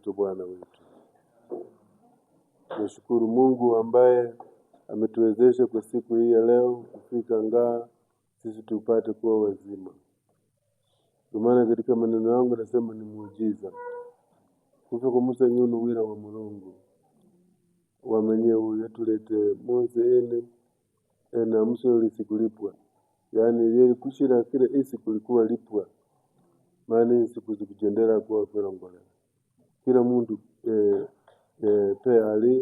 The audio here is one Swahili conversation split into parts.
mzito Bwana wetu. nashukuru Mungu ambaye ametuwezesha kwa siku hii ya leo kufika ngaa sisi tupate kuwa wazima. Kwa maana katika maneno yangu nasema ni muujiza kufa kwa Musa nyunu wira wa Mulungu wamenye yatulete Mose ene ena mso lisikulipwa yaani yeli kushira kile isi kulikuwa lipwa maana isi kuzikujendera kuwa kwelongolea kila muntu eh, eh, pe ali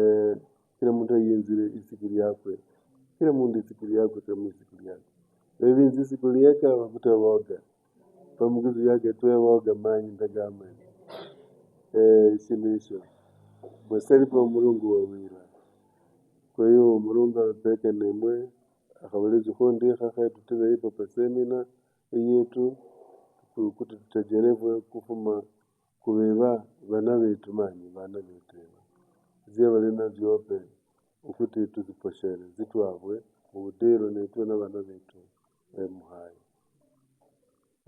eh, kila muntu ayenzire isikili yakwe kila muntu isikili yakwe kama isikili yakwe hivi isikili yake abakuta woga pamuguzi yake tuwe woga manyi ndagamani eh, isimisho mweseri mulungu wawira kwa hiyo mulungu abepeke nemwe akhabulezi khundikha khetutile ipo pasemina iyetu kuti tutejerevwe kufuma Kureba vana vetu bana beteba ze balina byope okuti tuziposhele zitwabwe ubudiro netwe na vana vetu muhai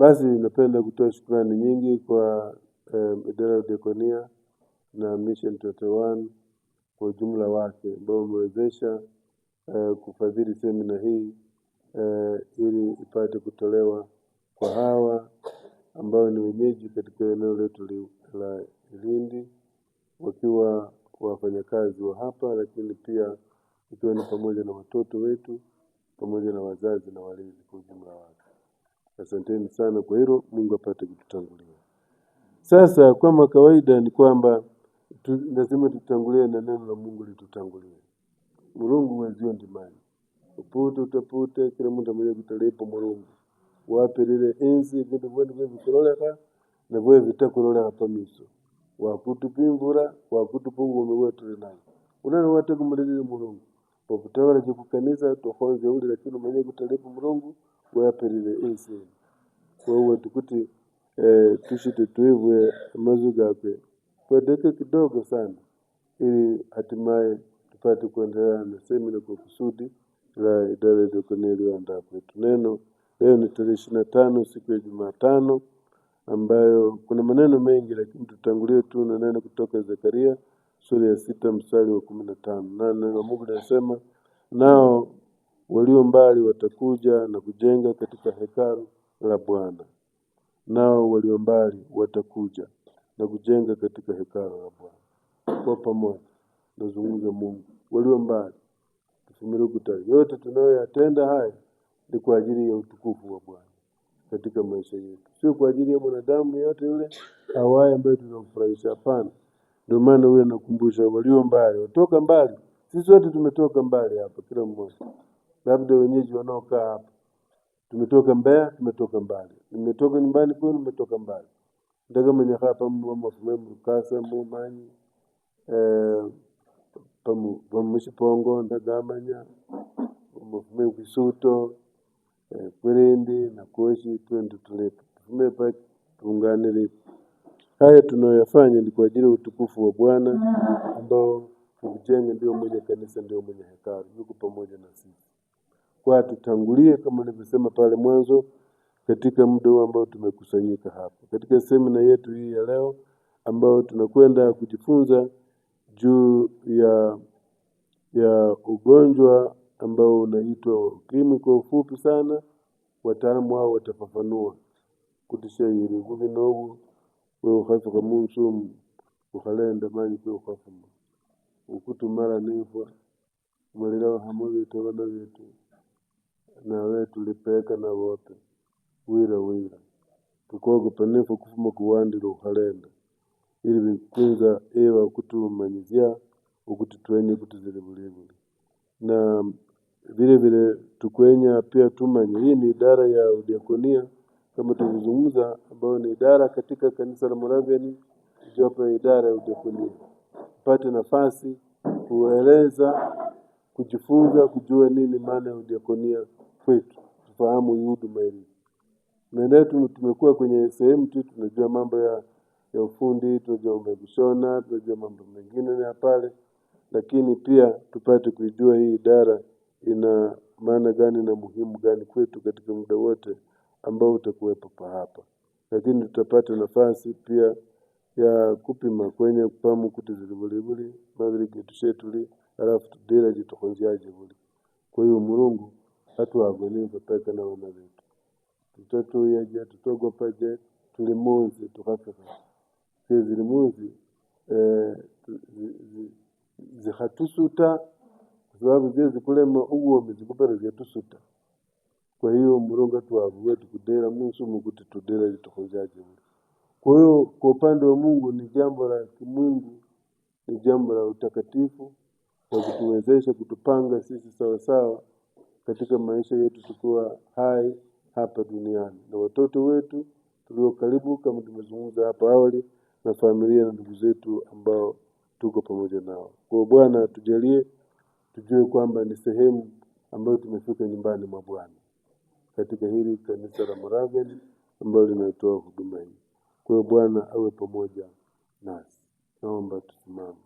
basi napenda kutoa shukrani nyingi kwa um, idara ya diakonia na Mission 21 kwa ujumla wake ambao wamewezesha uh, kufadhili semina hii uh, ili ipate kutolewa kwa hawa ambao ni wenyeji katika eneo letu la Lindi, wakiwa wafanyakazi wa hapa, lakini pia ikiwa ni pamoja na watoto wetu pamoja na wazazi na walezi kwa ujumla wake. Asanteni sana kwa hilo, Mungu apate kututangulia. Sasa kama kawaida ni kwamba lazima tutangulie na neno la Mungu litutangulie. Mulungu wezio ndimani upute utapute kila mtu amekuja kutalipo Mulungu wapirire ensi vindu vyenu vyevikuloleka na vye vitakuloleka pamiso wakutupimbura wakutupunga ume nayo renayo wate watekumulirire mulungu pakutawala jikukanisa tohonze uli lakini mwenye kutalepo mulungu wapirire ensi enu kwauwe tukuti eh, tushite tuibwe mazu gakwe padeke kidogo sana ili hatimaye tupate kuendelea na semina kwa kusudi la idara ya diakonia iliyoandaa kwetu neno Leo ni tarehe ishirini na tano siku ya Jumatano, ambayo kuna maneno mengi, lakini tutangulie tu na neno kutoka Zekaria sura ya sita mstari wa kumi na tano na neno la Mungu linasema nao walio mbali watakuja na kujenga katika hekalu la Bwana. Nao walio mbali watakuja na kujenga katika hekalu la Bwana. Kwa pamoja nazungumza Mungu, walio mbali tuvumilie, yote tunayoyatenda haya ni kwa ajili ya utukufu wa Bwana katika maisha yetu, sio kwa ajili ya mwanadamu yote yule awaye ambaye tunamfurahisha. Hapana, ndio maana huyo anakumbusha walio mbali watoka mbali. Sisi wote tumetoka mbali hapa, kila mmoja, labda wenyeji wanaokaa hapa, tumetoka Mbeya, tumetoka mbali, nimetoka nyumbani kwenu, nimetoka mbali ndaga mwenye hapa mrukasa mumanyi eh, pamushi pongo ndagamanya mufume kisuto Eh, kwerende koshi twende tulepe tufume pa tuungane lepo. Haya tunayoyafanya ni kwa ajili ya utukufu wa Bwana ambao kujenga ndio mwenye kanisa, ndio mwenye hekalu, yuko pamoja na sisi. Kwa tutangulie kama nilivyosema pale mwanzo, katika muda huu ambao tumekusanyika hapa katika semina yetu hii ya leo, ambayo tunakwenda kujifunza juu ya ya ugonjwa ambao unaitwa ukimwi kwa ufupi sana. Wataalamu hao watafafanua kutisha yiri kuvi nogu we ukhasa khamunsum ukhalenda manyi kwe ukutu mara nifwa mulirawo hamuvitobana vitu nawetu lipeka wote wira wira kukogopa nifwa kufuma kuwandile ukhalenda ili vikwinza ewa kutumanyizya ukuti twene kuti zili vulivuli na Vilevile Tukwenya pia tumanye hii ni idara ya udiakonia kama tulivyozungumza, ambayo ni idara katika kanisa la Moravian, ikiwapo idara ya udiakonia. Pate nafasi kueleza, kujifunza, kujua nini maana ya udiakonia kwetu, tufahamu hii huduma hii. tumekuwa kwenye sehemu tu, tunajua mambo ya ya ufundi, tunajua mambo ya kushona, tunajua mambo mengine na pale, lakini pia tupate kuijua hii idara ina maana gani na muhimu gani kwetu katika muda wote ambao utakuwepo hapa, lakini tutapata nafasi pia ya kupima kwenye pamu kuti zili vulivuli mavili kitu chetuli alafu tudira jitokonziaje vuli kwa hiyo mulungu hatuagoniva peka na wana vetu tutatuyaje tutogopaje tuli munzi tukafika sizili eh, zihatusuta zwabuze zikulema obwoomezi bugaruzya tusuta kwa hiyo mronga twavuwe tukudera mwisu mukuti tudera litukunjaje kwa hiyo kwa upande wa mungu ni jambo la kimungu ni jambo la utakatifu kwa kutuwezesha kutupanga sisi sawasawa katika maisha yetu tukiwa hai hapa duniani na watoto wetu tulio karibu kama tumezungumza hapa awali na familia na ndugu zetu ambao tuko pamoja nao. Kwa Bwana tujalie tujue kwamba ni sehemu ambayo tumefika nyumbani mwa Bwana katika hili kanisa la Moravian ambalo linatoa huduma hii. Kwa hiyo Bwana awe pamoja nasi. Naomba tusimame.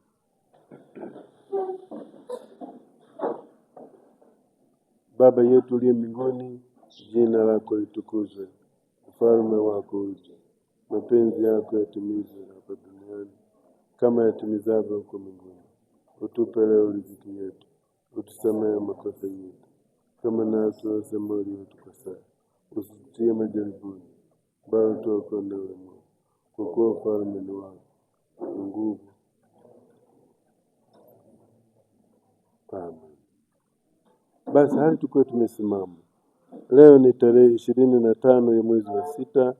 Baba yetu uliye mbinguni, jina lako litukuzwe, ufalme wako uje, mapenzi yako yatimizwe hapa duniani kama yatimizavyo huko mbinguni. Utupe leo riziki yetu utusamehe makosa yetu kama nasi tuwasema waliotukosea, usitie majaribuni, bali utuokoe na wema, kwa kuwa ufalme ni wako na nguvu. Amen. Basi hali tukuwe tumesimama. Leo ni tarehe ishirini na tano ya mwezi wa sita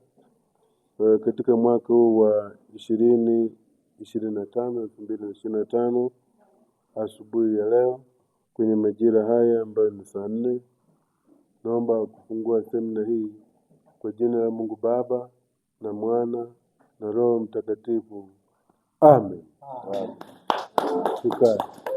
eh, katika mwaka huu wa ishirini ishirini na tano elfu mbili na ishirini na tano asubuhi ya leo kwenye majira haya ambayo ni saa nne. Naomba kufungua semina hii kwa jina la Mungu Baba na Mwana na Roho Mtakatifu, amen. Amen. Amen.